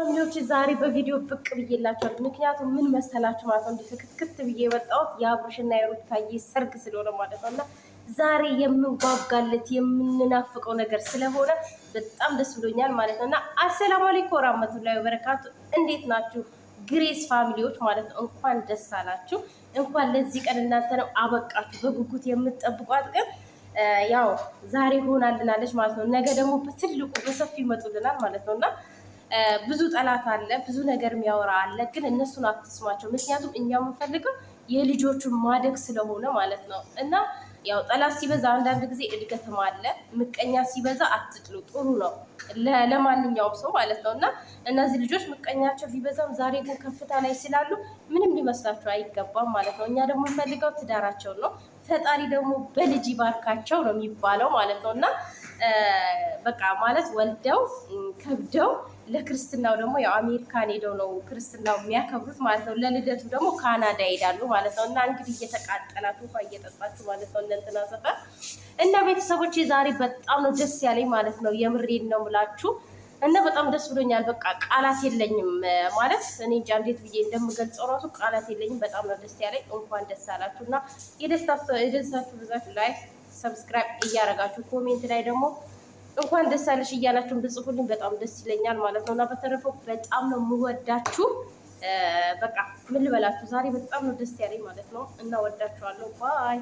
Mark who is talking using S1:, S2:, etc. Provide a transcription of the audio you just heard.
S1: ፋሚሊዎች ዛሬ በቪዲዮ ብቅ ብዬላቸዋል። ምክንያቱም ምን መሰላችሁ ማለት ነው እንዲህ ፍክትክት ብዬ የወጣሁት የአብርሽና የሩታዬ ሰርግ ስለሆነ ማለት ነው እና ዛሬ የምንጓጓለት የምንናፍቀው ነገር ስለሆነ በጣም ደስ ብሎኛል ማለት ነው እና አሰላሙ አለይኩም ወራህመቱላሂ ወበረካቱ። እንዴት ናችሁ ግሬስ ፋሚሊዎች ማለት ነው? እንኳን ደስ አላችሁ። እንኳን ለዚህ ቀን እናንተ ነው አበቃችሁ። በጉጉት የምትጠብቋት ግን ያው ዛሬ ሆናልናለች ማለት ነው። ነገ ደግሞ በትልቁ በሰፊ ይመጡልናል ማለት ነው እና ብዙ ጠላት አለ፣ ብዙ ነገር የሚያወራ አለ። ግን እነሱን አትስማቸው። ምክንያቱም እኛ የምንፈልገው የልጆቹን ማደግ ስለሆነ ማለት ነው። እና ያው ጠላት ሲበዛ አንዳንድ ጊዜ እድገትም አለ። ምቀኛ ሲበዛ አትጥሉ፣ ጥሩ ነው ለማንኛውም ሰው ማለት ነው። እና እነዚህ ልጆች ምቀኛቸው ቢበዛም ዛሬ ግን ከፍታ ላይ ስላሉ ምንም ሊመስላቸው አይገባም ማለት ነው። እኛ ደግሞ የምንፈልገው ትዳራቸውን ነው። ፈጣሪ ደግሞ በልጅ ይባርካቸው ነው የሚባለው ማለት ነው። እና በቃ ማለት ወልደው ከብደው ለክርስትናው ደግሞ ያው አሜሪካን ሄደው ነው ክርስትናው የሚያከብሩት ማለት ነው። ለልደቱ ደግሞ ካናዳ ይሄዳሉ ማለት ነው። እና እንግዲህ እየተቃጠላችሁ ውሃ እየጠጣችሁ ማለት ነው እንትና ሰፈ እና ቤተሰቦች ዛሬ በጣም ነው ደስ ያለኝ ማለት ነው። የምሬን ነው ምላችሁ እና በጣም ደስ ብሎኛል። በቃ ቃላት የለኝም ማለት እኔ እንጃ እንዴት ብዬ እንደምገልጸው ራሱ ቃላት የለኝም። በጣም ነው ደስ ያለኝ። እንኳን ደስ አላችሁ እና የደስታችሁ ብዛት ላይ ሰብስክራይብ እያደረጋችሁ ኮሜንት ላይ ደግሞ እንኳን ደስ አለሽ እያላችሁን ብጽፉልኝ በጣም ደስ ይለኛል ማለት ነው። እና በተረፈ በጣም ነው የምወዳችሁ። በቃ ምን ልበላችሁ፣ ዛሬ በጣም ነው ደስ ያለኝ ማለት ነው። እና ወዳችኋለሁ ባይ